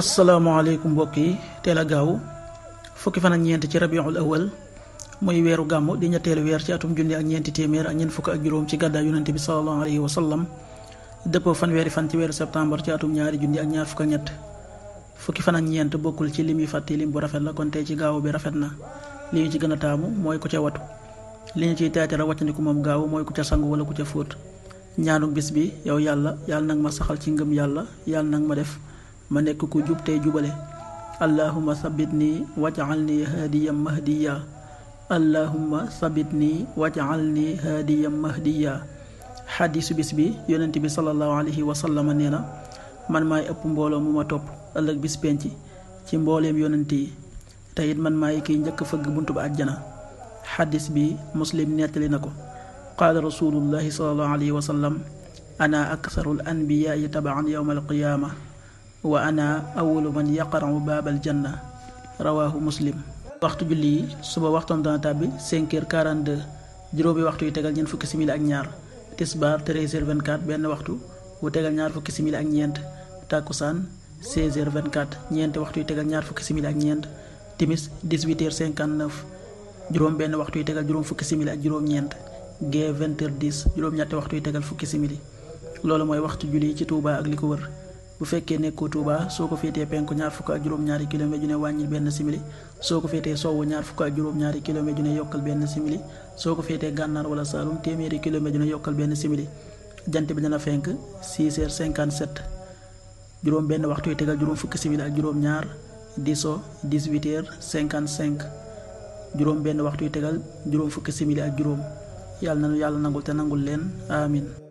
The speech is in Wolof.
asalaamaaleykum mbokk yi teel a gaaw fukki fan ak ñeent ci rabiul awal muy weeru gàmm di ñetteelu weer ci atum junni ak ñeenti téeméer ak fukk ak juróom ci gàddaay yonente bi salallahu alayhi wa sallam dëppoo fanweeri fan ci weeru septembre ci atum ñaari junni ak ñaar fukk ak ñett fukki ñeent bokkul ci lim yi fàtte lim bu rafet la kon tey ci gaaw bi rafet na li ñu ci gën a taamu mooy ku ca watu li ñu ciy taatira wàccandiku moom gaaw mooy ku ca sangu wala ku ca fóot ñaanu bis bi yow yàlla yàlla nag ma saxal ci ngëm yàlla yàlla nag ma def ma nekk ku jub tey jubale allahuma sabit nii wajaal nii haadiyan mahdiya allahuma sabit nii wajaal nii haadiyan mahdiya xadisu bis bi yonent bi sallallahu alayhi wa sallama nee na man maay ëpp mbooloo mu ma topp ëllëg bis penc ci mbooleem yonent yi te it man maay kiy njëkk fëgg buntu ba jana xadis bi muslim nettali na ko qaala rasulullahi sallallahu alayhi wa sallam ana aksaru al anbiyaai tabaan yowma alqiyaama wa ana awalu man yaqarau baabal janna rawaahu muslim waxtu julli yi suba waxtoom dana tàbbi 5 heures 42 juróomi waxtu yu tegal ñeent fukki simili ak ñaar tisbaar 13 heures 24 benn waxtu wu tegal ñaar fukki simili ak ñeent tàkkusaan 16 heures 24 ñeenti waxtu yu tegal ñaar fukki simili ak ñeent timis 18 heures 59 juróom benn waxtu yu tegal juróom fukki simili ak juróom-ñeent gee 20 juróom-ñetti waxtu yu tegal fukki simili loolu mooy waxtu julli ci tuubaa ak li ko wër bu fekkee nekkoo Touba soo ko féetee penku ñaar fukk ak juróom-ñaari kilomètre ju ne wàññil benn simili soo ko féetee sowwu ñaar fukk ak juróom-ñaari kilomètre ju ne yokkal benn simili soo ko féetee gànnaar wala saalum téeméeri kilomètre ju ne yokkal benn simili jant bi dana fenk 6 heures 57 juróom benn waxtu yi tegal juróom fukki simili ak juróom-ñaar di so 18 heures juróom benn waxtu tegal juróom fukki simili ak juróom yàlla na yàlla nangul te nangul leen amin